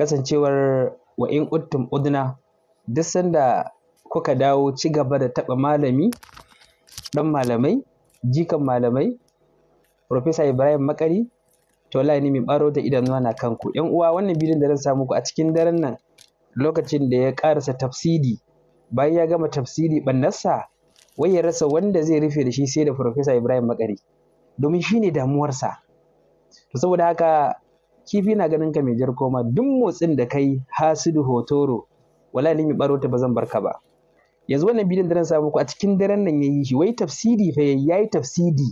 kasancewar wa in uttum udna duk sanda kuka dawo ci gaba da taɓa malami ɗan malamai jikan malamai Profesa Ibrahim Makari to wallahi ni mai baro da idanuwa na kanku yan uwa wannan bidiyon da zan samu ku a cikin daren nan lokacin da ya karasa tafsiri bayan ya gama tafsiri bannarsa wai ya rasa wanda zai rufe da shi sai da Profesa Ibrahim Makari domin shine damuwarsa to saboda haka kifi na ganin ka mai jar koma duk motsin da kai hasidu hotoro Wala ni mi baro ta ba zan barka ba yanzu wannan bidiyon da na samu muku a cikin daren nan yayi shi wai tafsiri fa yayi tafsiri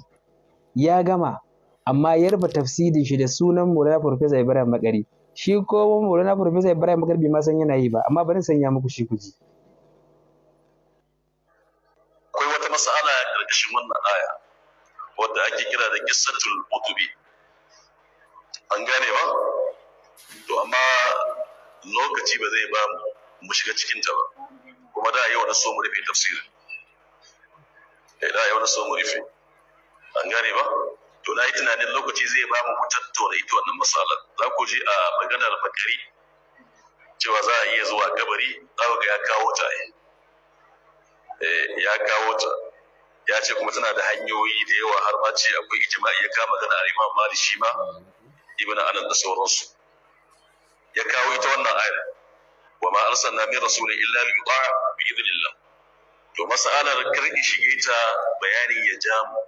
ya gama amma yarba tafsirin shi da sunan Maulana Professor Ibrahim Magari shi ko Maulana Professor Ibrahim Magari ma san yana yi ba amma bari sanya muku shi kuji akwai wata mas'ala karkashin wannan aya wadda ake kira da qissatul qutubi an gane ba to amma lokaci ba zai ba mu shiga cikinta ba kuma da yau na so mu rufe tafsirin eh, da yau na so mu rufe an gane ba to na yi tunanin lokaci zai ba mu tattauna ita wannan masala za ku ji a maganar bakari cewa za a iya zuwa kabari za ku ga ya kawo ta eh, ya kawo ta ya ce kuma tana da hanyoyi da yawa har ma ce akwai ijma'i ya kama gana a imam malik shi ma ibn anan da sauransu ya kawo ita wannan ayar wa ma arsalna min rasulin illa li yuta'a bi idnillah to mas'alar karki shige ta bayani ya ja mu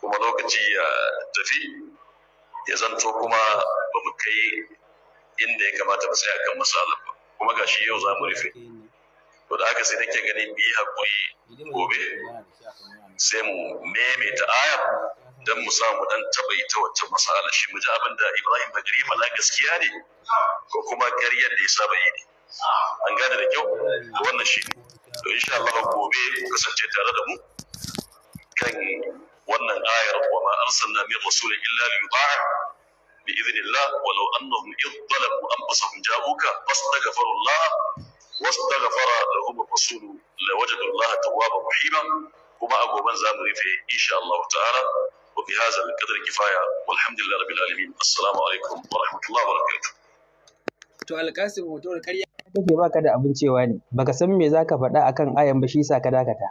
kuma lokaci ya tafi ya zanto kuma ba mu kai inda ya kamata ba sai akan masalar ba kuma gashi yau za mu rufe to da aka sai nake gani bi hakuri gobe sai mu ta ayar dan mu samu dan taba ita wacce masala shi mu ji abin da Ibrahim Bagari mala gaskiya ne ko kuma ƙaryar da ya saba yi ne an gane da kyau a wannan shi to insha Allah gobe kasance tare da mu kan wannan ayar wa ma arsalna min rasulin illa liyuba'a bi idhnillah walau annahum id anfusahum ja'uka fastaghfiru Allah واستغفر لهم الرسول لوجدوا الله توابا رحيما kuma a goben za mu rufe insha Allah ta'ala وبهذا القدر كفاية والحمد لله رب العالمين السلام عليكم ورحمة الله وبركاته to alƙasim hoto da karya kake baka da abin cewa ne baka san me zaka faɗa akan ayan ba shi ka dakata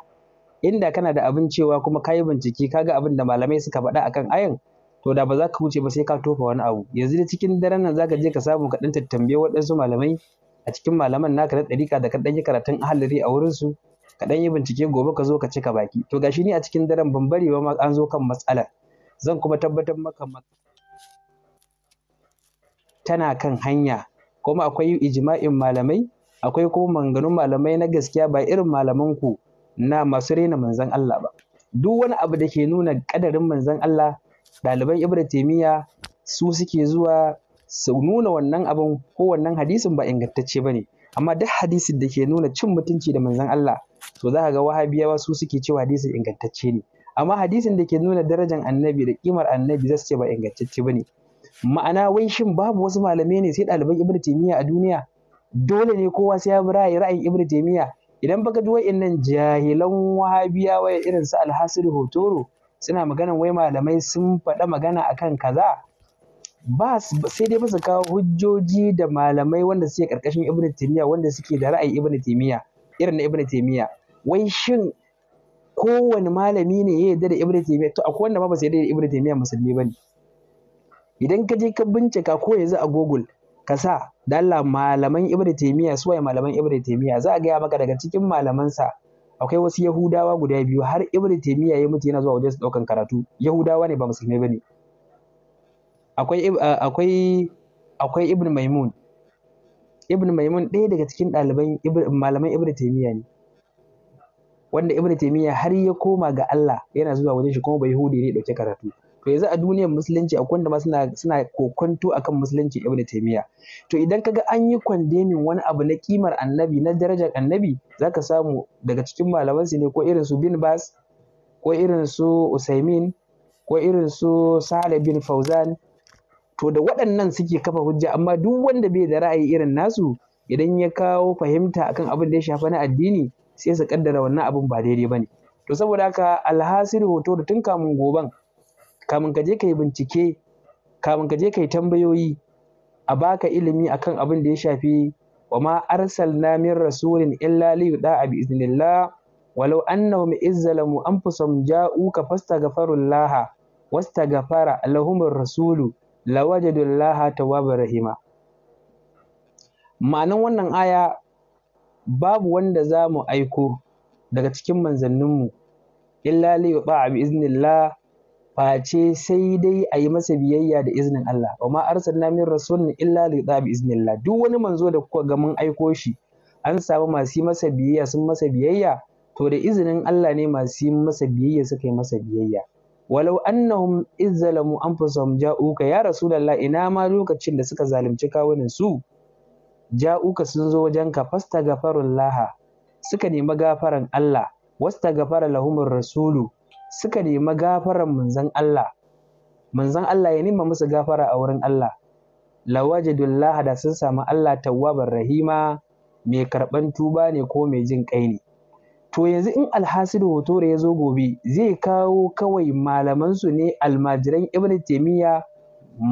inda kana da abin cewa kuma kayi bincike kaga abin da malamai suka faɗa akan ayan to da ba za ka wuce ba sai ka tofa wani abu yanzu da cikin daren nan zaka je ka samu ka dan tattambe waɗansu malamai a cikin malaman naka na ɗarika da ka ɗan yi karatun ahalari a wurinsu ka dan yi bincike gobe ka zo ka cika baki to gashi ni a cikin daren ban bari ba an zo kan matsalar zan kuma tabbatar maka tana kan hanya kuma akwai ijma'in malamai akwai kuma manganun malamai na gaskiya ba irin malaman ku na masu rena manzon Allah ba duk wani abu da ke nuna kadarin manzon Allah ɗaliban Ibn Taymiyyah su suke zuwa su nuna wannan abin ko wannan hadisin ba ingantacce ba ne amma duk hadisin da ke nuna cin mutunci da manzon Allah to za ka ga wahabiyawa su suke cewa hadisin ingantacce ne amma hadisin da ke nuna darajar annabi da kimar annabi za su ce ba ingantacce ba ne ma'ana wai shin babu wasu malamai ne sai ɗaliban ibnu taymiya a duniya dole ne kowa sai ya bi ra'ayin ibnu taymiya idan baka ji nan jahilan wahabiyawa irin su alhasiru hotoro suna magana wai malamai sun faɗa magana akan kaza ba sai dai basu kawo hujjoji da malamai wanda suke karkashin ibnu taymiya wanda suke da ra'ayin ibnu taymiya irin na ibnu taymiya wai shin kowane malami ne ya yarda da ibnu taymiya to akwai wanda ma ba su yarda da ibnu taymiya musulmi bane idan ka je ka bincika ko yanzu a google ka sa da Allah malaman ibnu taymiya su waye malaman ibnu taymiya za a gaya maka daga cikin malamansa akwai wasu yahudawa guda biyu har ibnu taymiya ya mutu yana zuwa wajen su daukan karatu yahudawa ne ba musulmi bane akwai akwai akwai ibnu maimun ibnu maimun ɗaya daga cikin ɗaliban malaman ibnu taymiya ne wanda ibn taymiya har ya koma ga Allah yana zuwa wajen shi kuma bai hudi ne dauke karatu to yanzu a duniyar musulunci akwai wanda ma suna suna kokonto akan musulunci ibn taymiya to idan kaga an yi kwandemin wani abu na kimar annabi na darajar annabi zaka samu daga cikin malaman su ne ko irin su bin bas ko irin su usaimin ko irin su salih bin fauzan to da waɗannan suke kafa hujja amma duk wanda bai da ra'ayi irin nasu idan ya kawo fahimta akan abin da ya shafa na addini sai su kaddara wannan abin ba daidai ba ne to saboda haka alhasiri hoto da tun kamun goban kamun ka je ka yi bincike kamun ka je ka yi tambayoyi a baka ilimi akan abin da ya shafi wa ma arsalna min rasulin illa li yuda bi iznillah walau annahum izzalamu anfusahum ka fastaghfirullah wastaghfara lahum rasulu lawajadu allaha rahima ma'anan wannan aya babu wanda za mu aiko daga cikin manzanninmu illa li yuta'a bi iznillah face sai dai a yi masa biyayya da iznin Allah wa ma arsalna min rasulin illa li yuta'a bi iznillah duk wani manzo da kuka ga mun aiko shi an samu masu yi masa biyayya sun masa biyayya to da izinin Allah ne masu masa biyayya suka yi masa biyayya walau annahum izzalamu anfusahum ja'uka ya rasulullah ina ma lokacin da suka zalunci kawunan su ja'uka sun zo wajenka Laha suka nemi gafaran Allah gafara lahumur rasulu suka nemi gafaran manzon Allah manzon Allah ya nema musu gafara a wurin Allah Laha da sun samu Allah tawwabar rahima mai karban tuba ne ko mai jin kai ne to yanzu in alhasidu hoto da ya zo gobe zai kawo kawai malaman su ne almajiran ibnu taymiya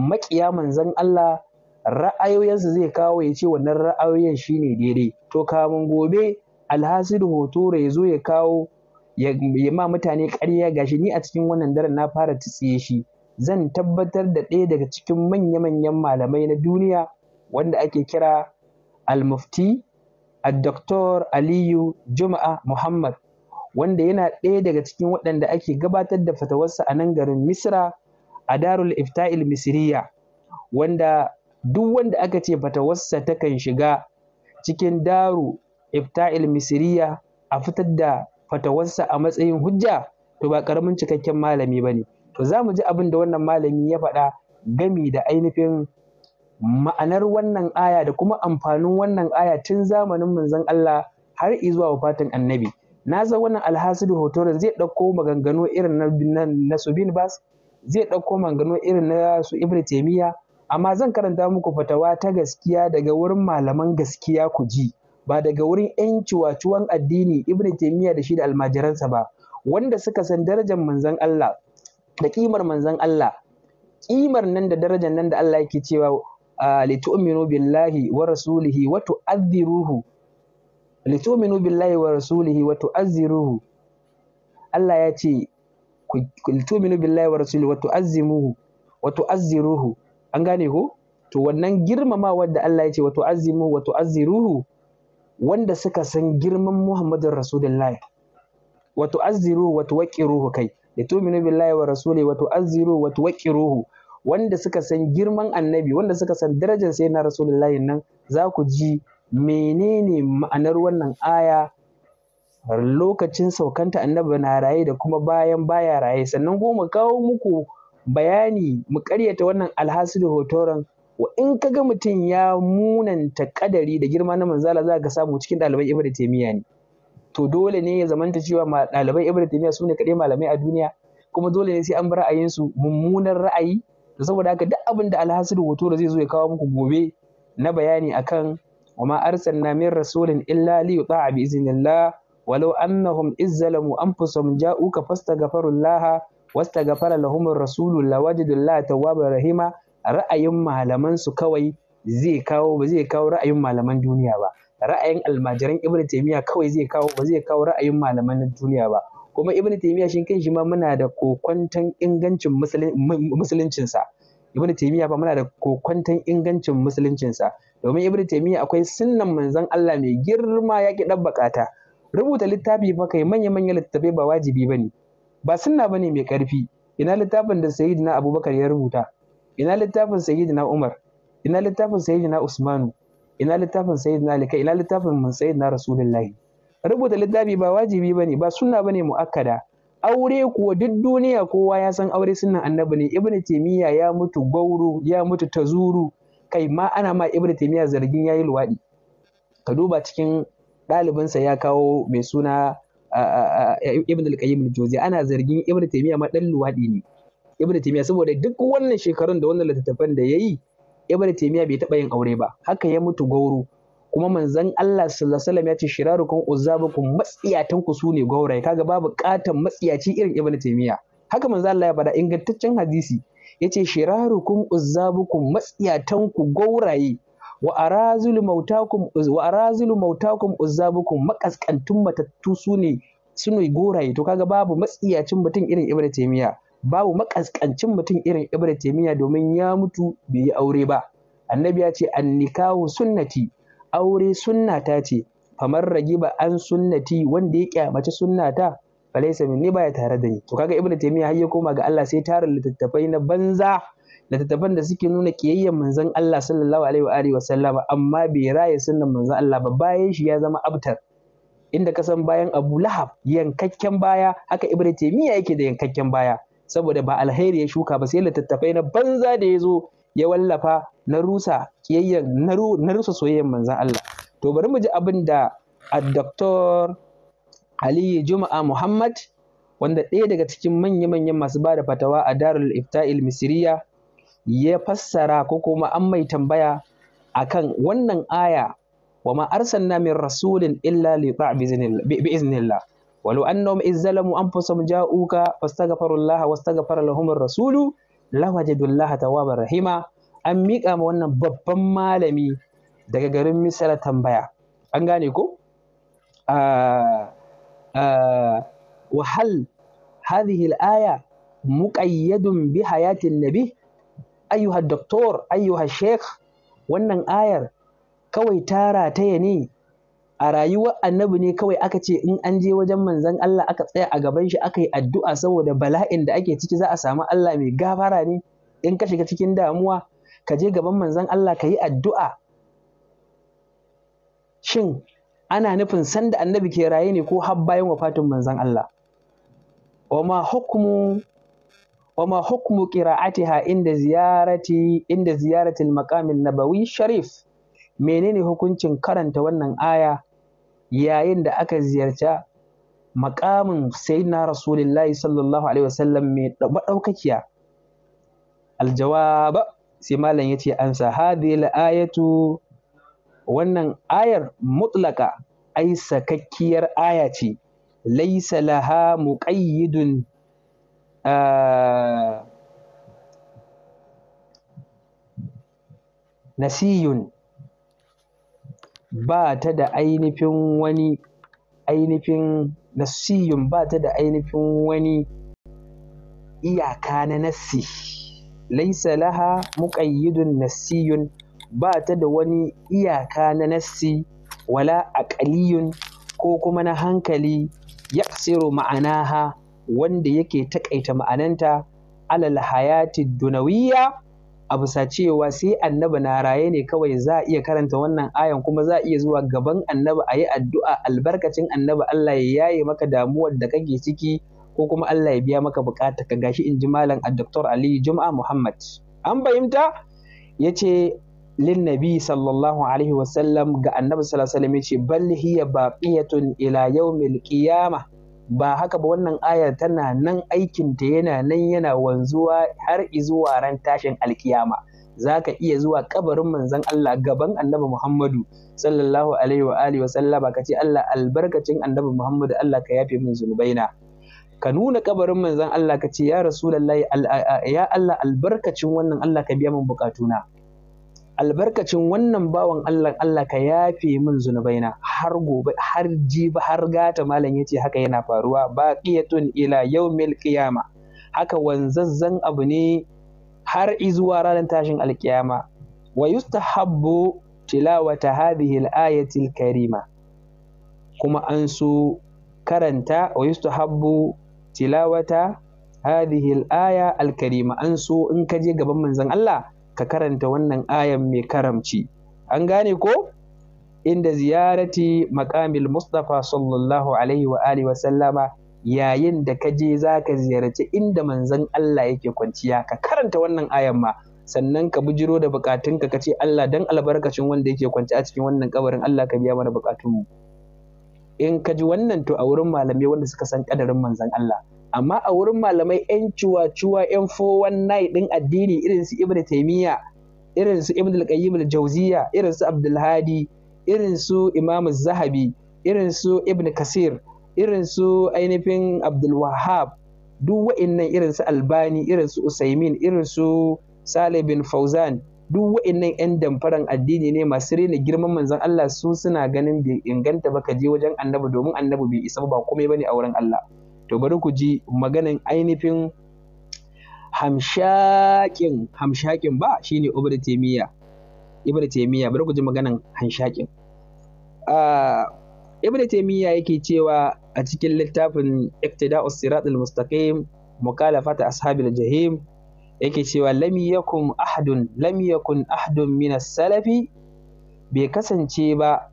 maƙiya manzon Allah ra'ayoyinsa zai kawo ya ce wannan ra'ayoyin shine daidai to kamun gobe alhasil hoto ya zo ya kawo ya ma mutane ƙarya gashi ni a cikin wannan daren na fara tsiye shi zan tabbatar da ɗaya daga cikin manya-manyan malamai na duniya wanda ake kira al-mufti al-doktor aliyu juma'a muhammad wanda yana ɗaya daga cikin waɗanda ake gabatar da fatawarsa a nan garin misra a darul ifta'il misriya wanda duk wanda aka ce fatawarsa takan shiga cikin daru ifta'il misiriya a fitar da fatawarsa a matsayin hujja to ba karamin cikakken malami ba ne to za mu ji abin da wannan malami ya faɗa gami da ainihin ma'anar wannan aya da kuma amfanin wannan aya tun zamanin manzon Allah har izuwa wafatin annabi na san wannan alhasidu da zai ɗauko maganganu irin na, su bas zai ɗauko maganganu irin na su ibn amma zan karanta muku fatawa ta gaskiya daga wurin malaman gaskiya ku ji ba daga wurin 'yan ciwaciwan addini ibn taimiyya da shi da almajiransa ba wanda suka san darajar manzon Allah da kimar manzon Allah kimar nan da darajar nan da Allah yake cewa litu'minu billahi wa rasulihi wa tu'azziruhu litu'minu billahi wa rasulihi wa tu'adhiruhu Allah ya ce litu'minu billahi wa rasulihi wa tu'azzimuhu wa tu'azziruhu an gane ko to wannan girmamawar da Allah ya ce wato azimu wato aziruhu wanda suka san girman Muhammadu Rasulullahi wato aziru wato waqiruhu kai da tuminu billahi wa rasuli wato aziru wato waqiruhu wanda suka san girman annabi wanda suka san darajar sai na rasulullahi nan za ku ji menene ma'anar wannan aya lokacin saukanta annabi na raye da kuma bayan baya raye sannan goma kawo muku bayani mu karyata wannan alhasidu hotoron wa in ka ga mutum ya munanta kadari da girma na manzala za ka samu cikin ɗaliban ibnu taimiya ne to dole ne ya zamanta cewa ɗaliban ibnu taymiya su ne kaɗai malamai a duniya kuma dole ne sai an bi ra'ayinsu mummunan ra'ayi da saboda haka duk abin da alhasidu hoto zai zo ya kawo muku gobe na bayani akan Wa أرسلنا من rasulin إلا ليطاع بإذن الله ولو أنهم إذ ظلموا أنفسهم جاءوك فاستغفروا الله wasta gafara lahumur rasulu lawajidullah tawwabar rahima ra'ayin malaman su kawai zai kawo ba zai kawo ra'ayin malaman duniya ba ra'ayin almajiran ibn taymiya kawai zai kawo ba zai kawo ra'ayin malaman duniya ba kuma ibn taymiya shin kan shi ma muna da kokwantan ingancin musuluncin sa ibn taymiya ba muna da kokwantan ingancin musuluncin sa domin ibn taymiya akwai sunnan manzon Allah mai girma ya ki dabbaka ta rubuta littafi fa kai manya manyan littafai ba wajibi bane ba sunna bane mai karfi ina littafin da sayyidina abubakar ya rubuta ina littafin sayyidina umar ina littafin sayyidina usmanu ina littafin sayyidina ali ina littafin mun sayyidina rasulullahi rubuta littafi ba wajibi bane ba sunna bane muakkada aure kuwa duk duniya kowa ya san aure sunnan annabi ne ibnu taymiya ya mutu gauru ya mutu tazuru kai ma ana ma ibnu taymiya zargin yayi luwadi ka duba cikin ɗalibinsa ya kawo mai suna ibn al-qayyim al ana zargin ibn taymiya ma dan luwadi ne ibn taymiya saboda duk wannan shekarun da wannan littattafan da yayi ibn taymiya bai taba yin aure ba haka ya mutu gauro kuma manzon Allah sallallahu alaihi wasallam ya ce shirarukum uzzabukum matsiyatan ku sune gauraye kaga babu katan matsiyaci irin ibn taymiya haka manzon Allah ya bada ingantaccen hadisi yace shirarukum uzzabukum matsiyatan ku gauraye wa arazul mautakum wa makaskantun matattu sune ne goraye to kaga babu matsiyacin mutum irin ibnu babu makaskancin mutum irin ibnu domin ya mutu bai yi aure ba annabi ya ce annikahu sunnati aure sunnata ce famar ba an sunnati wanda ya kyamaci sunnata falaisa ba baya tare da ni to kaga ibnu taymiya har ya koma ga Allah sai tarin littattafai na banza littattafan da suke nuna kiyayyen manzon Allah sallallahu alaihi wa alihi wa amma bai raye sunnan manzon Allah ba bayan shi ya zama abtar inda ka san bayan Abu Lahab yankakken baya haka Ibn Taymiyyah yake da yankakken baya saboda ba alheri ya shuka ba sai littattafai na banza da ya zo ya wallafa na rusa kiyayyan na rusa soyayyen manzon Allah to bari mu ji abin da Dr. Ali Juma'a Muhammad wanda ɗaya daga cikin manya-manyan masu ba da fatawa a Darul Ifta'il misriya ya fassara ko kuma an mai tambaya akan wannan aya wa ma arsalna min rasulin illa li bi walau annahum izzalamu anfusahum ja'uka fastaghfirullah wastaghfara lahum ar-rasulu lawajadullah tawwabar rahima an miƙa ma wannan babban malami daga garin misal tambaya an gane ko ah, ah, wahal hadhihi al-aya muqayyadun bi hayatin nabi ayyuha doktor ayyuha sheikh wannan ayar kawai ta rataya ne a rayuwar annabi ne kawai aka ce in an je wajen manzon Allah aka tsaya a gaban shi aka yi addu'a saboda bala'in da ake ciki za a samu Allah mai gafara ne in ka shiga cikin damuwa ka je gaban manzon Allah ka yi addu'a shin ana nufin sanda annabi ke raye ne ko har bayan wafatin manzon Allah ma hukumu وما حكم قراءتها عند زيارة عند زيارة المقام nabawi sharif menene hukuncin karanta wannan aya yayin da aka ziyarta makamin sayyidina rasulullahi sallallahu alaihi wasallam mai madaukakiya aljawaba sai malam yace ansa hadhihi ayatu wannan ayar mutlaka ai sakakkiyar aya ce laysa laha muqayyidun nasiyun ba ta da ainihin wani ainihin nasiyun ba ta da ainihin wani iyaka na nassi laisa laha muƙayyidun nasiyun ba ta da wani iyaka na nassi wala aƙaliyun ko kuma na hankali ya ma'anaha wanda yake takaita ma'ananta alal hayati dunawiyya a bisa cewa sai annabi na raye ne kawai za a iya karanta wannan ayan kuma za a iya zuwa gaban annabi a yi addu'a albarkacin annabi Allah ya yaye maka damuwar da kake ciki ko kuma Allah ya biya maka bukata ka gashi in ji malam a Dr. Ali Jum'a Muhammad an fahimta yace lin nabi sallallahu alaihi wasallam ga annabi sallallahu alaihi wasallam yace bal hiya baqiyatun ila yawmil qiyamah ba haka ba wannan ayar tana nan aikin ta yana nan yana wanzuwa har izuwa ran tashin alkiyama za ka iya zuwa kabarin manzon Allah gaban annabi Muhammadu sallallahu alaihi wa alihi wa sallama ka ce Allah albarkacin annabi Muhammadu Allah ka yafe min zunubaina ka nuna kabarin manzon Allah ka ce ya rasulullahi ya Allah albarkacin wannan Allah ka biya min bukatuna albarkacin wannan bawan Allah Allah ka yafe min zunubaina har gobe har jibi har gata malam yace haka yana faruwa baqiyatun ila yaumil qiyama haka wanzazzan abu ne har izuwa ranar tashin alkiyama wa yustahabbu tilawata hadhihi al-ayati kuma an so karanta wa yustahabbu tilawata hadhihi al-aya an so in ka je gaban manzon Allah ka karanta wannan ayan mai karamci an gane ko inda ziyarati makamil Mustapha sallallahu alaihi wa alihi sallama yayin da ka je za ka ziyarci inda manzon Allah yake kwanciya ka karanta wannan ayan ma sannan ka bujiro da bukatunka ka ce Allah dan albarkacin wanda yake kwanci a cikin wannan kabarin Allah ka biya mana bukatunmu in ka ji wannan to a wurin malamai wanda suka san kadarin manzon Allah amma a wurin malamai 'yan cuwa-cuwa 'yan 419 ɗin addini irin su ibn taimiyya irin su ibn al-qayyim al-jawziya irin su abdulhadi irin su imam zahabi irin su ibn kasir irin su ainihin abdulwahab duk wa'innan irin su albani irin su usaimin irin su saleh bin fauzan duk wa'innan 'yan damfaran addini ne masu rena girman manzon Allah su suna ganin bai inganta ba ka je wajen annabi domin annabi bai isa ba komai bane a wurin Allah to bari ku ji maganin ainihin hamshakin hamshakin ba shine ibnu taymiya ibnu taymiya bari ku ji maganan hamshakin uh, yake cewa a cikin littafin iktida'us siratul mustaqim mukalafata ashabil jahim yake cewa lam yakun ahadun lam yakun ahadun min salafi bai kasance ba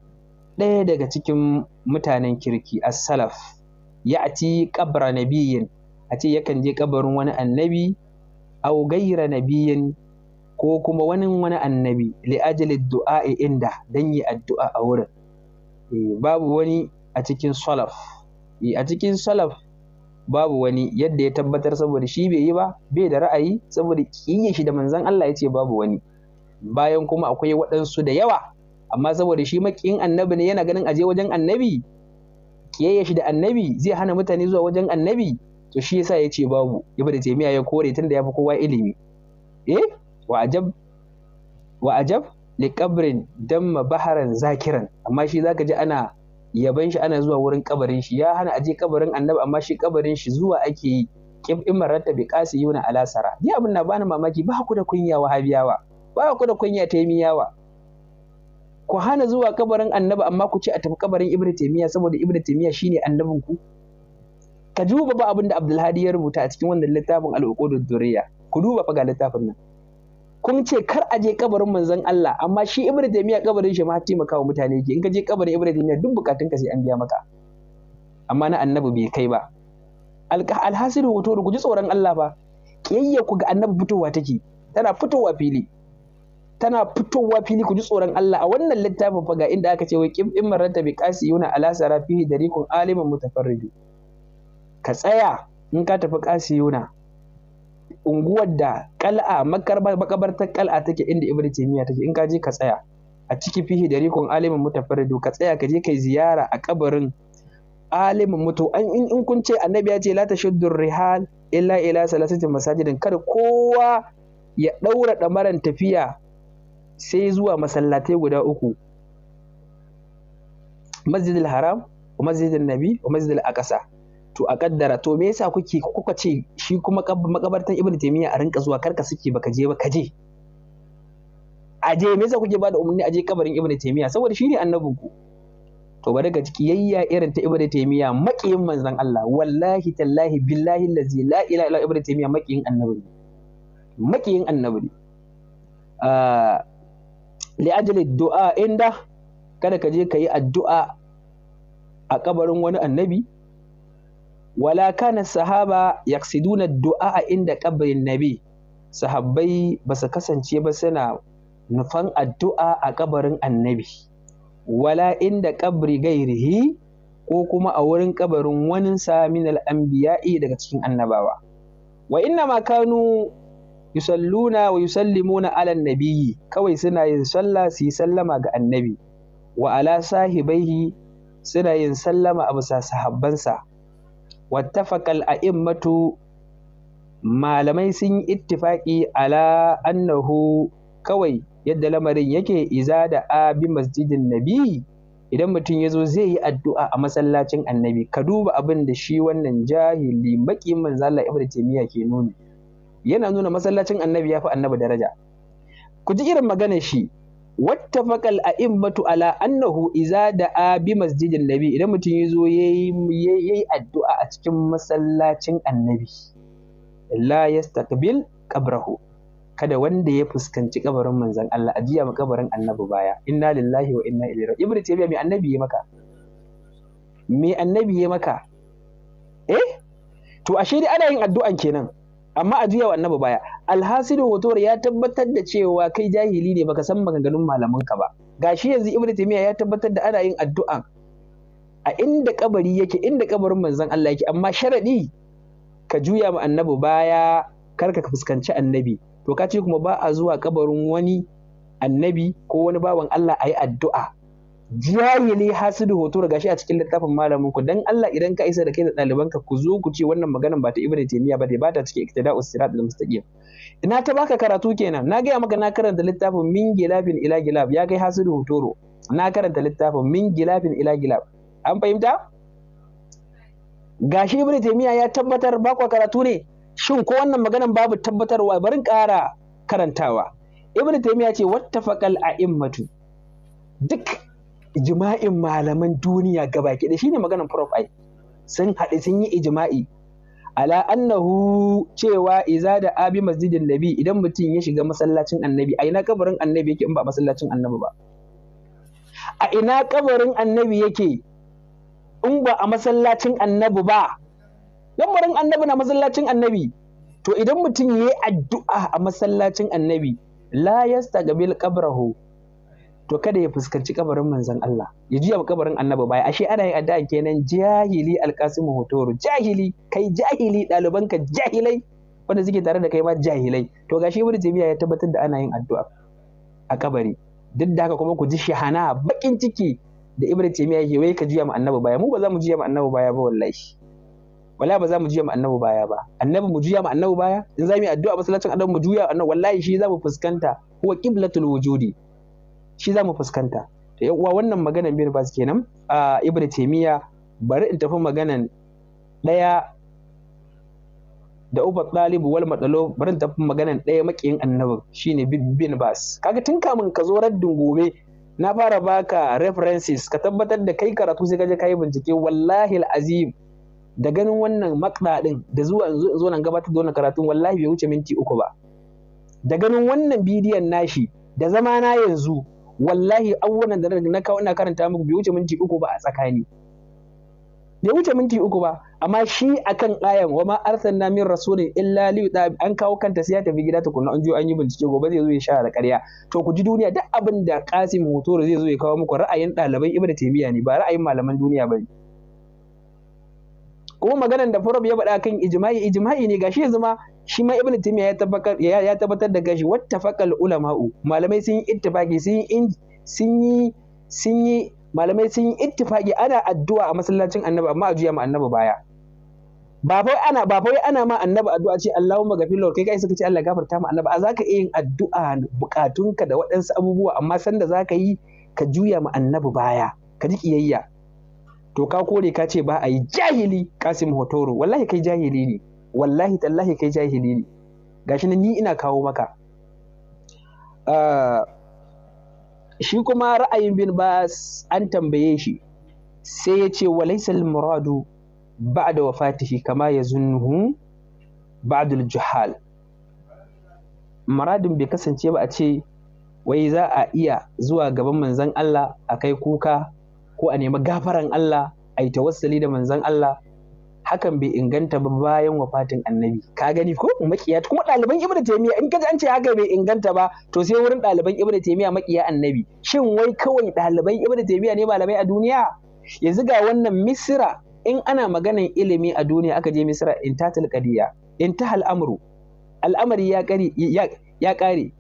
ɗaya daga cikin mutanen kirki as-salaf ya ati kabra a ce yakan je kabarin wani annabi aw gaira nabiyin ko kuma wani wani annabi li ajli du'a inda dan yi addu'a a wurin eh, babu wani a cikin salaf eh, a cikin salaf babu wani yadda ya tabbatar saboda shi bai yi ba bai da ra'ayi saboda kiyaye shi da manzon Allah ya ce babu wani bayan kuma akwai waɗansu da yawa amma saboda shi makin annabi ne yana ganin aje wajen annabi kiyayya shi da annabi zai hana mutane zuwa wajen annabi to shi yasa ya ce babu da taimiya ya kore da ya fi kowa ilimi eh wa ajab wa ajab li qabrin damma baharan zakiran amma shi zaka ji ana yaban shi ana zuwa wurin kabarin shi ya hana aje kabarin annabi amma shi kabarin shi zuwa ake yi kif in mararta bi qasi yuna alasara ni abin na bani mamaki ba ku da kunya wahabiyawa ba ku da kunya taimiyawa? ku hana zuwa kabarin annabi amma ku ce a tafi kabarin ibn taymiya saboda ibn taymiya shine annabin ku ka duba ba abin da abdulhadi ya rubuta a cikin wannan littafin al'uqudud durriya ku duba fa ga littafin nan kun ce kar a je kabarin manzon Allah amma shi ibn taymiya kabarin shi ma taimaka wa mutane yake in ka je kabarin ibn taymiya duk bukatun ka sai an biya maka amma na annabi bai kai ba alhasiru hoto ku ji tsoron Allah ba kiyayya ku ga annabi fitowa take tana fitowa fili tana fitowa fili ku ji tsoron Allah a wannan littafin fa ga inda aka ce wai kim in maranta bi yuna ala sarafihi dariqun aliman mutafarridu ka tsaya in ka tafi yuna. unguwar da kal'a makabartar kal'a take inda ibnu taymiya take in ka je ka tsaya a ciki fihi dariqun aliman mutafarridu ka tsaya ka je kai ziyara a kabarin alimin mutu in in kun ce annabi ya ce la tashuddur rihal illa ila salasati masajidin kada kowa ya daura damaran tafiya sai zuwa masallatai guda uku masjidil haram wa masjidil nabi wa masjidil aqsa to a kaddara to me yasa kuke kuka ce shi kuma makabartan ibnu taymiya a rinka zuwa karka suke baka je ba je aje me yasa kuke bada umarni aje kabarin ibnu taymiya saboda shine annabin ku to ba daga yayya irin ta ibnu taymiya makiyin manzon Allah wallahi tallahi billahi allazi la ilaha illa ibnu taymiya makiyin annabi makiyin annabi li'ajali du'a inda kada ka je ka yi addu'a a kabarin wani annabi wala kana sahaba yaksiduna du'a a inda kabarin nabi sahabbai ba su kasance ba suna nufan addu'a a kabarin annabi wala inda kabri gairihi ko kuma a wurin kabarin waninsa min al'ambiya'i daga cikin annabawa wa inna ma kanu yusalluna wa yusallimuna ala nabiyyi kawai suna yin sallah su yi sallama ga annabi wa ala sahibaihi suna yin sallama a bisa sahabbansa wattafaqal a'immatu malamai sun yi ittifaqi ala annahu kawai yadda lamarin yake iza da a bi masjidin nabi idan mutum ya zo zai yi addu'a a masallacin annabi ka duba abin da shi wannan jahili maƙi Manzala, Allah ke nuni yana nuna masallacin annabi ya fi annabi daraja ku ji irin magana shi Wata in batu ala annahu iza a bi masjidin nabi idan mutum ya zo ya yi addu'a a cikin masallacin annabi la stakbil qabrahu kada wanda ya fuskanci kabarin manzon Allah ajiya ma kabarin annabi baya inna lillahi wa inna ilaihi raji'un ibnu tabiya mai annabi ya maka me annabi ya maka eh to ashe dai ana yin addu'an kenan amma a juya wa annabi baya alhasidu hotor ya tabbatar da cewa kai jahili ne baka san maganganun ka ba gashi yanzu ibnu taymiya ya tabbatar da ana yin addu'a a inda kabari yake inda kabarin manzon Allah yake amma sharadi ka juya ma annabi baya karka ka fuskanci annabi to ka ce kuma ba a zuwa kabarin wani annabi ko wani bawan Allah a yi addu'a jahili hasidu hoto gashi a cikin littafin malamin ku dan Allah idan ka isa da kai da ɗalibanka ku zo ku ce wannan maganar ba ta ibnu taymiya ba ta ba ta cikin iktida sirat al-mustaqim ina ta baka karatu kenan na gaya maka na karanta littafin min gilabin ila gilab ya kai hasidu hotoro na karanta littafin min gilabin ila gilab an fahimta gashi ibnu taymiya ya tabbatar ku karatu ne shin ko wannan maganar babu tabbatarwa barin kara karantawa ibnu taymiya ce wattafaqal a'immatu duk ijma'in malaman duniya gabaki da shine maganar prof ai sun haɗe sun yi ijma'i ala annahu cewa iza da abi masjidin nabi idan mutum ya shiga masallacin annabi a ina kabarin annabi yake in ba masallacin annabi ba a ina kabarin annabi yake in ba a masallacin annabi ba lamarin annabi na masallacin annabi to idan mutum ya yi addu'a a masallacin annabi la yastaqbil qabrahu to kada ya fuskanci kabarin manzon Allah ya juya kabarin annabi baya ashe ana yin addu'a kenan jahili alqasimu hotoro jahili kai jahili ɗalibanka jahilai wanda suke tare da kai ma jahilai to gashi ibnu jami'a ya tabbatar da ana yin addu'a a kabari duk da haka kuma ku ji shahana bakin ciki da Ibrahim jami'a yake wai ka juya ma annabi baya mu ba za mu juya ma annabi baya ba wallahi wala ba za mu juya ma annabi baya ba annabi mu juya ma annabi baya in za mu yi addu'a masallacin annabi mu juya annabi wallahi shi za mu fuskanta huwa qiblatul wujudi shi za mu fuskanta da yan wannan maganan bin bas kenan a ibn taimiyya bari in tafi maganan ɗaya da uba talibu wal matsalo bari in tafi maganan ɗaya makiyin annabin shine bin bas kaga tun kamin ka zo raddin gobe na fara baka references ka tabbatar da kai karatu sai ka je kai bincike wallahi azim da ganin wannan makna ɗin da zuwa zo nan gabatar da wannan karatun wallahi bai wuce minti uku ba da ganin wannan bidiyon nashi da zama na yanzu wallahi awwalan da na kawo ina karanta muku bai wuce minti uku ba a tsakani bai wuce minti uku ba amma shi akan ayan wa ma arsalna min rasulin illa li an kawo kanta sai ya tafi gida tukunna an je an yi bincike gobe zai zo ya sha da ƙarya to ku ji duniya duk abin da Qasim Hotoro zai zo ya kawo muku ra'ayin ɗaliban Ibn Taymiyyah ne ba ra'ayin malaman duniya ba ne. kuma maganar da Prof ya faɗa kan ijma'i ijma'i ne gashi yanzu ma shi ma Ibn Taymiyyah ya tabbatar ya tabbatar da gashi Wata wattafaqal ulama'u malamai sun yi ittifaqi sun yi sun yi sun yi malamai sun yi ittifaqi ana addu'a a masallacin Annabi amma a juya ma Annabi baya ba fa ana ba fa ana ma Annabi addu'a ce Allahumma gafirlo kai kai suka ce Allah gafarta ma Annabi a zaka iya yin addu'a bukatunka da waɗansu abubuwa amma sanda zaka yi ka juya ma Annabi baya ka ji kiyayya to ka kore ka ce ba a yi jahili kasim hotoro wallahi kai jahili ne wallahi tallahi kai jahili ne gashi ni ina kawo maka ah, shi kuma ra'ayin bin ba an tambaye shi sai ya ce walaisal muradu wa wafatihi kama ya zunhu ba'dul juhal Muradun bai kasance ba a ce wai za a iya zuwa gaban manzon Allah a kai kuka ko a nemi gafaran Allah a yi tawassali da manzon Allah hakan bai inganta ba bayan wafatin annabi ka gani ko makiya kuma ɗaliban ibn taymiya in kaji an ce haka bai inganta ba to sai wurin ɗaliban ibn taymiya makiya annabi shin wai kawai ɗaliban ibn taymiya ne malamai a duniya yanzu ga wannan misira in ana maganan ilimi a duniya aka je misira in ta qadiya in ta al'amuru. al'amari ya kare ya kare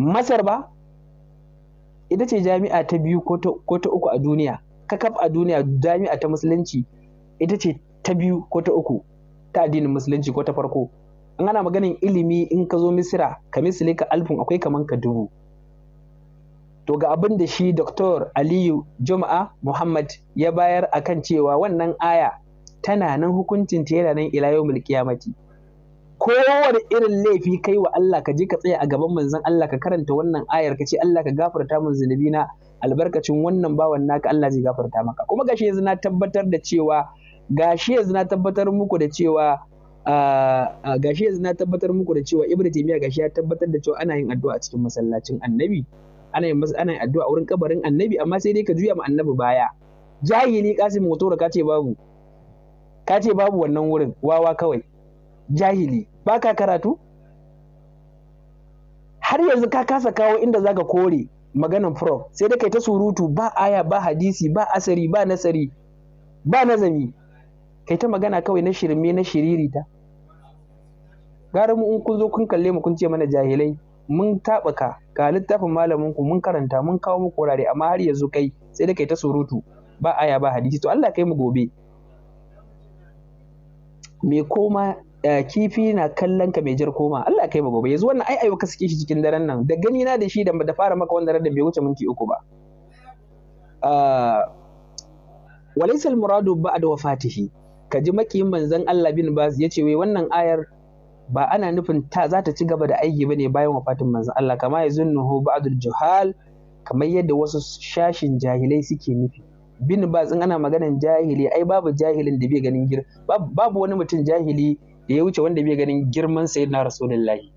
masar ba ita ce jami'a ta biyu ko ta uku a duniya kakaf a duniya jami'a ta musulunci ita ce ta biyu ko ta uku ta addinin musulunci ko ta farko an ana maganin ilimi in ka zo misira ka misile ka alfin akwai kaman ka dubu to ga abin da shi Dr. aliyu juma'a muhammad ya bayar akan cewa wannan aya tana nan hukuncin ta yana nan ila yau mulkiyamati kowane irin laifi kai wa Allah ka je ka tsaya a gaban manzon Allah ka karanta wannan ayar ka ce Allah ka gafarta min zunubi na albarkacin wannan bawan naka Allah zai gafarta maka kuma gashi yanzu na tabbatar da cewa gashi yanzu na tabbatar muku da cewa gashi yanzu na tabbatar muku da cewa Ibn Taymiyyah gashi ya tabbatar da cewa ana yin addu'a a cikin masallacin Annabi ana yin ana yin addu'a wurin kabarin Annabi amma sai dai ka juya ma Annabi baya jahili Kasimu Mutura ka ce babu ka ce babu wannan wurin wawa kawai jahili ba ka karatu har yanzu ka kasa kawo inda ka kore maganan prof sai dai kai ta surutu ba aya ba hadisi ba asari ba nasari ba nazami kai ta magana kawai na shirme na shiririta gara mu in kun zo kun kalle mu kun ce mana jahilai mun ka, ga littafin malamin ku mun karanta mun kawo muku wurare amma har yanzu kai sai da kai ta surutu ba aya ba hadisi to Allah kai mu gobe me koma kifi na kallon ka mai jar koma Allah kai ma gobe yanzu wannan ai ayyuka suke shi cikin daren nan da gani na da shi da da fara maka wannan da bai wuce minti uku ba ah, walaisal muradu ba'da wafatihi ka ji makiyin manzon Allah bin Baz yace wai wannan ayar ba ana nufin ta za ta ci gaba da aiki bane bayan wafatin manzon Allah kama yazunnuhu ba'dul juhal kamar yadda wasu shashin jahilai suke nufi bin Baz in ana maganan jahili ai babu jahilin da bai ganin girma babu wani mutum jahili da ya wuce wanda bai ganin girman sayyidina rasulullahi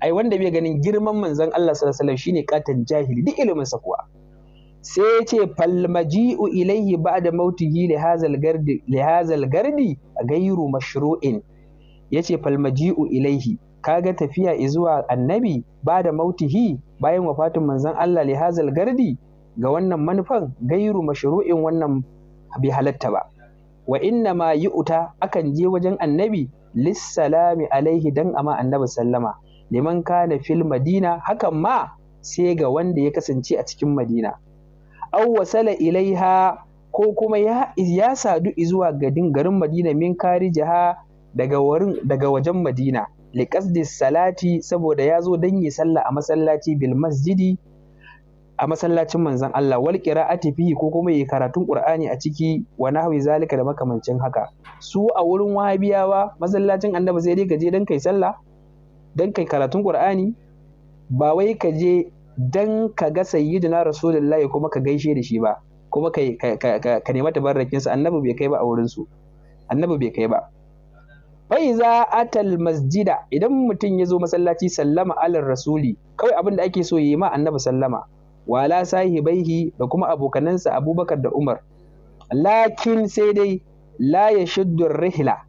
ai wanda bai ganin girman manzon Allah sallallahu alaihi wasallam shine katan jahili duk ilimin sa kuwa sai ya ce falmaji'u ilaihi ba'da mautihi li hazal gardi li hazal gardi gairu mashru'in yace falmaji'u ilaihi kaga tafiya zuwa annabi bada mautihi bayan wafatin manzon Allah li hazal gardi ga wannan manufan gairu mashru'in wannan bai halatta ba wa inna ma yi akan je wajen annabi lissalami alaihi dan ama annabi sallama liman kana fil madina hakan ma sai ga wanda ya kasance a cikin madina aw wasala ilaiha ko kuma ya, ya sadu zuwa gadin garin madina min karijaha daga warin daga wajen madina liqasdi salati saboda ya zo dan yi sallah a masallaci bil masjidi a masallacin manzon Allah wal qira'ati fihi ko kuma yi karatun Qur'ani a ciki wa nahwi zalika da makamancin haka su a wurin wahabiyawa masallacin annabi sai dai ka je dan kai sallah dan kai karatun Qur'ani ba wai ka je dan ka ga sayyidina rasulullahi kuma ka gaishe da shi ba kuma ka ka nemi tabarrakin sa annabi bai kai ba a wurin su annabi bai kai ba faiza atal masjida idan mutum ya zo masallaci sallama alar rasuli kawai abin da ake so yi ma annabi sallama wala sahibaihi da kuma abokanansa abubakar da umar lakin sai dai la ya shiddur rihla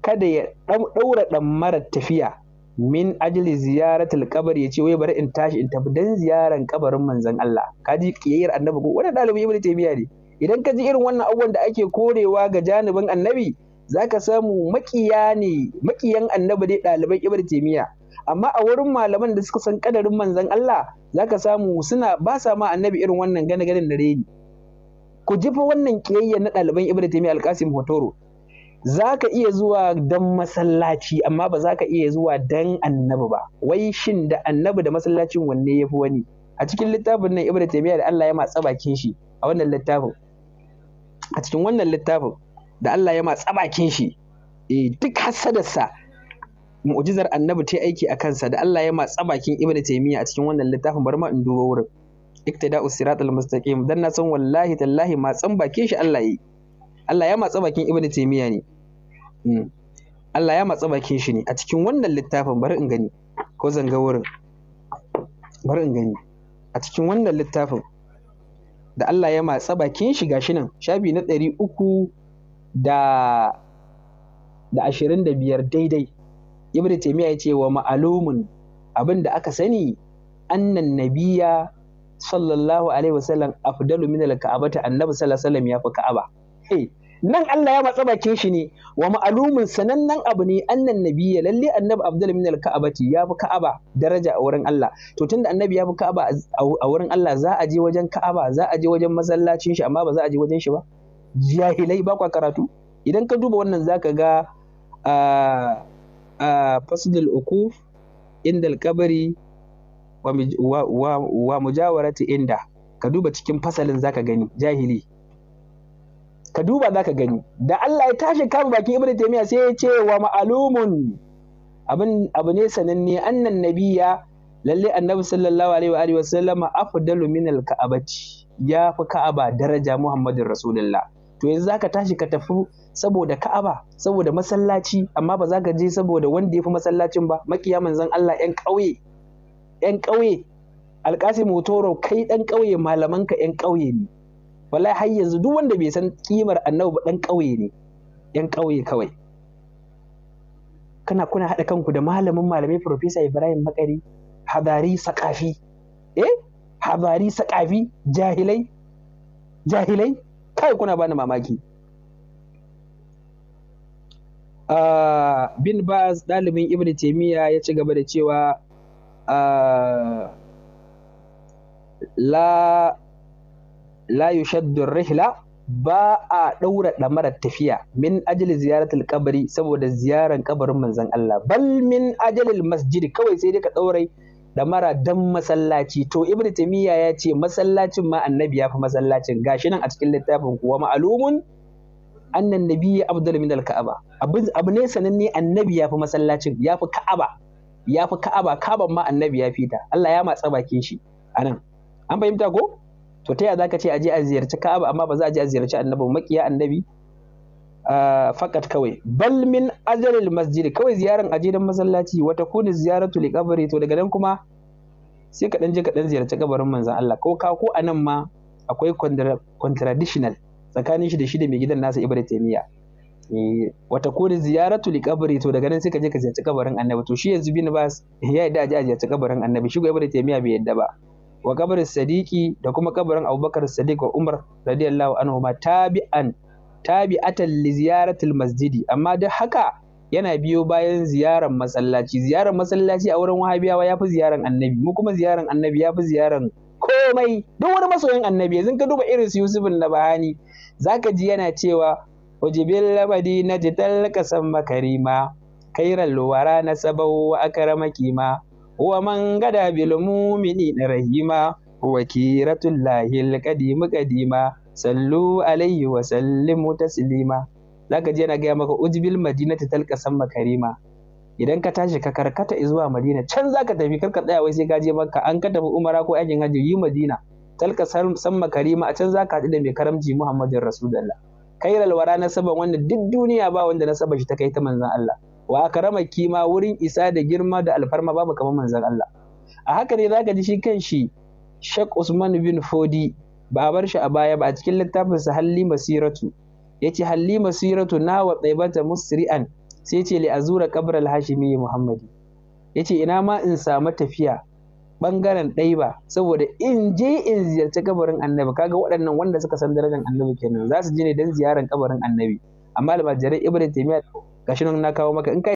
kada ya ɗaura mara tafiya min ajli ziyaratul alqabr ya ce wai bari in tashi in tafi dan ziyaran kabarin manzon Allah kaji kiyayyar annabi ko wannan dalibi ibnu taymiya ne idan ka ji irin wannan abubuwan da ake korewa ga janibin annabi zaka samu makiya ne makiyan annabi dai ɗalibai ibnu taymiya amma a wurin malaman da suka san kadarin manzan Allah za ka samu suna ba sa ma annabi irin wannan gane ganin da reni ku ji fa wannan kiyayya na ɗaliban Ibn Taymiyyah al hotoro za zaka iya zuwa dan masallaci amma ba za ka iya zuwa dan annabi ba wai shin da annabi da masallacin wanne yafi wani a cikin littafin nan Ibn da Allah ya matsa bakin shi a wannan littafin a cikin wannan littafin da Allah ya matsa bakin shi eh duk hasadarsa mu'jizar annabi ta aiki a kansa da Allah ya matsa bakin Ibn Taymiyyah a cikin wannan littafin bar ma in duba wurin iktida'u siratal mustaqim dan na san wallahi tallahi matsan bakin shi Allah yi Allah ya matsa bakin Ibn Taymiyyah ne hmm. Allah ya matsa bakin shi ne a cikin wannan littafin bari in gani ko zanga wurin bari in gani a cikin wannan littafin da Allah ya matsa bakin shi gashi nan shabi na ɗari uku da da ashirin da biyar daidai ibnu taymiya ya ce wa ma'alumun abin da aka sani annan nabiya sallallahu alaihi wasallam afdalu min al-ka'abati annabi sallallahu alaihi wasallam ya fi ka'aba nan Allah ya matsa bakin shi ne wa ma'alumin sanannen abu ne annan nabiyya lalle annabi abdul min al ya fi ka'aba daraja a wurin Allah to tunda annabi ya fi ka'aba a wurin Allah za a je wajen ka'aba za a je wajen masallacin shi amma ba za a je wajen shi ba jahilai ba kwa karatu idan ka duba wannan zaka ga ah, a fasdul ukuf inda kabari wa mujawarati inda ka duba cikin fasalin zaka gani jahili ka duba zaka gani da Allah ya tashi kama bakin ibnu taymiya sai ya ce wa ma'lumun abin abu ne sananne annan nabiyya lalle annabi sallallahu alaihi wa alihi wa sallama afdalu min alka'abati ya fi ka'aba daraja muhammadin rasulullah to yanzu zaka tashi ka tafi saboda Ka'aba saboda masallaci amma ba za ka je saboda wanda ya fi masallacin ba makiya manzan Allah yan ƙauye yan ƙauye alƙasim hotoro kai ɗan ƙauye malamanka yan ƙauye ne wallahi har yanzu duk wanda bai san kimar annabi ba ɗan ƙauye ne yan ƙauye kawai kana kuna haɗa kanku da malamin malamai Profesa Ibrahim Makari hadari sakafi, eh hadari sakafi jahilai jahilai kai kuna bani mamaki bin baz ɗalibin ibn taimiyya ya ci gaba da cewa la la yushaddu rihla ba a ɗaura ɗamarar tafiya min ajali ziyaratul kabari saboda ziyaran kabarin manzon Allah bal min ajalil masjidi kawai sai dai ka ɗaura ɗamara dan masallaci to Ibn taimiyya ya ce masallacin ma annabi ya fi masallacin gashi nan a cikin littafin kuwa ma'alumun annan nabiyyi abdul min al-ka'aba abu ne sananne annabi yafi masallacin yafi ka'aba yafi ka'aba kaban ma annabi ya fita Allah ya matsa bakin shi anan an fahimta ko to ta yaya zaka ce aje a ziyarci ka'aba amma ba za a je a ziyarci annabi makiya annabi ah, fakat kawai bal min ajalil masjid kawai ziyaran aje dan masallaci wata kuni ziyaratu li qabri to daga nan kuma sai ka dan je ka dan ziyarci kabarin manzon Allah ko ka ko anan ma akwai contradictional tsakanin shi da shi da mai gidan nasa ibnu taimiya eh, wata kuri ziyaratu li kabari to daga nan sai ka je ka ziyarci kabarin annabi to shi yanzu bin bas ya yadda aje a ziyarci kabarin annabi shi ibnu taimiya bai yadda ba wa kabarin sadiki da kuma kabarin abubakar sadiq wa umar radiyallahu anhu ma tabi'an tabi'atan li ziyaratil masjidi amma duk haka yana biyo bayan ziyarar masallaci ziyarar masallaci a wurin wahabiyawa fi ziyarar annabi mu kuma ziyarar annabi yafi ziyarar komai duk wani masoyin annabi yanzu ka duba irin su yusuf na bahani zaka ji yana cewa ujibin labadi na jital kasan makarima kairan luwara na sabau wa akarama kima wa man gada bil mumini na rahima huwa kiratul lahil qadimu qadima sallu alaihi wa sallimu taslima zaka ji yana gaya maka ujbil ta talqa samma Makarima. idan ka tashi ka karkata zuwa madina can zaka tafi karka tsaya wai sai ka je makka an ka tafi umara ko ajin hajji yi madina talka san karima a can za ka haɗu da mai karamci muhammadin rasulullah kairal wara saban wanda duk duniya ba wanda na saba shi ta kai ta manzan Allah wa karama kima wurin isa da girma da alfarma babu kamar manzan Allah a haka ne zaka ji shi kan shi Sheikh Usman bin Fodi ba bar shi a baya ba a cikin littafin sa Halli Masiratu yace Halli Masiratu na wa tsaibata musri'an sai yace li azura qabr al-hashimi Muhammadi yace ina ma in samu tafiya ɓangaren ɗaiba saboda in je in ziyarci kabarin annabi kaga waɗannan wanda suka san darajar annabi kenan za su je ne don ziyarar kabarin annabi amma almajirai ibn taymiya gashi nan na kawo maka in